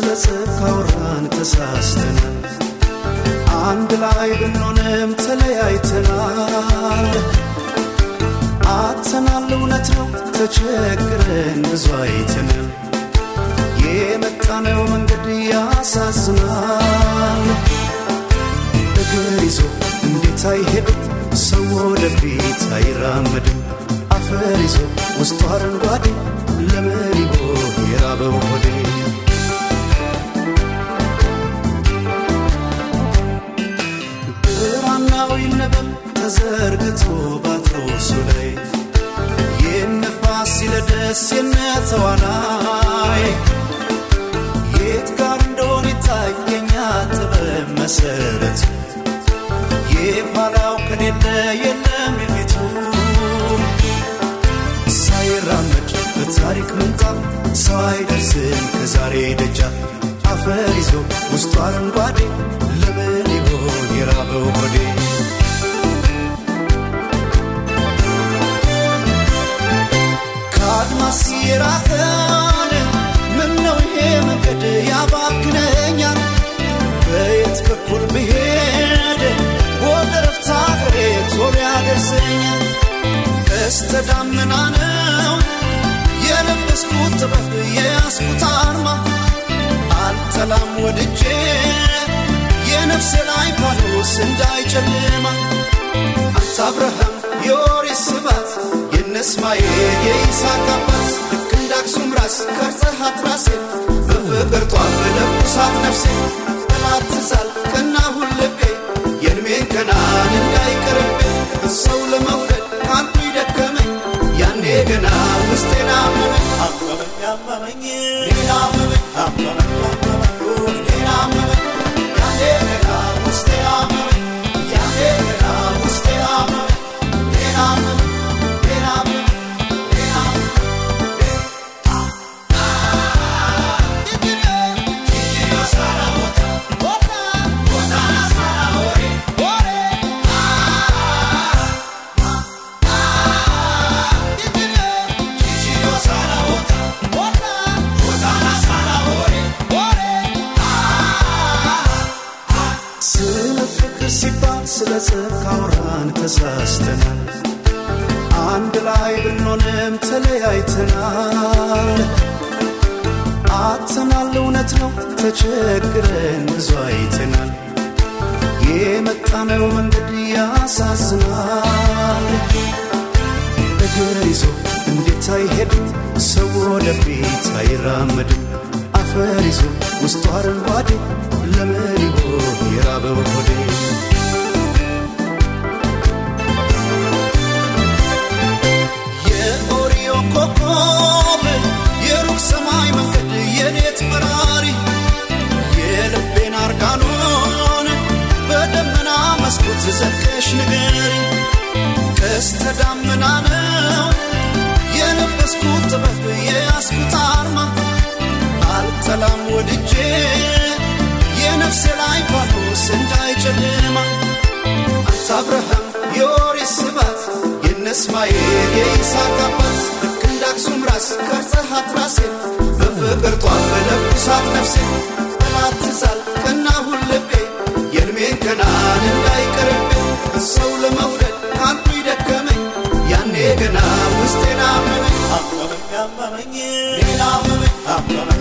ስለ ጽድቅ ተሳስተናል አንድ ላይ ብንሆንም ተለያይተናል አጥተናል እውነት ነው ተቸግረን ብዙ አይተናል የመጣነው መንገድ ያሳዝናል እግር ይዞ እንዴት አይሄድም ሰው ወደፊት አይራመድም አፈር ይዞ ውስጡ አረንጓዴ በእሱ ላይ የነ ፋሲለደስ የነ ተዋናይ የት ጋር እንደሆነ ይታየኛ ጥበብ መሰረት የኋላው ከሌለ የለም የፊቱ ሳይራመድ በታሪክ ምንጣፍ ሰው አይደርስም ከዛሬ ደጃፍ አፈር ይዞ ውስጡ አረንጓዴ ለምን ይሆን የራበው ሆዴ የራቀን ምነው ይሄ መንገድ ያባክነኛል በየት በኩል ብሄድ ወደ ረፍታ ሀገሬ ቶሎ ያደርሰኛል በስተ ዳመና ነው የለበስኩት ጥበብ የያስኩት አርማ አልተላም ወድጄ የነፍሴ ላይ ፋኖስ እንዳይጨልማ አንተ አብርሃም የኦሪት ስባት የእነ እስማኤል የይስሐቅ አባት ከርጽሃት ራሴ በፍቅር ጧፍ ለብሳት ነፍሴ ጥላትዛል ቀና ሁልቤ የእድሜን ገናን እንዳይቀርብኝ ሰው ለመውደድ አንቱ ይደከመኝ ያኔ ገና ውስጤን አመመኝ አመመኝ አመመኝ ከጽካውራን ተሳስተናል አንድ ላይ ብንሆንም ተለያይተናል አተናል እውነት ነው ተቸግረን ብዙ አይተናል የመጣነው መንገድ ያሳዝናል እግር ይዞ እንዴት አይሄድም ሰው ወደፊት አይራመድም አፈር ይዞ ውስጡ አረንጓዴ ለምን የራበው ሆዴ ልመና ነው የለበስኩት ጥበብ የያዝኩት አርማ አልጠላም ወድጄ የነፍሴ ላይ ባሮስ እንዳይጨልማ አንተ አብርሃም የወሬ ስባት የነስማኤል የይስሐቅ አባት ልክ እንዳክሱም ራስ ቀርጸሃት ራሴን በፍቅር ጧፍ ለብሳት I'm a man. I'm a man.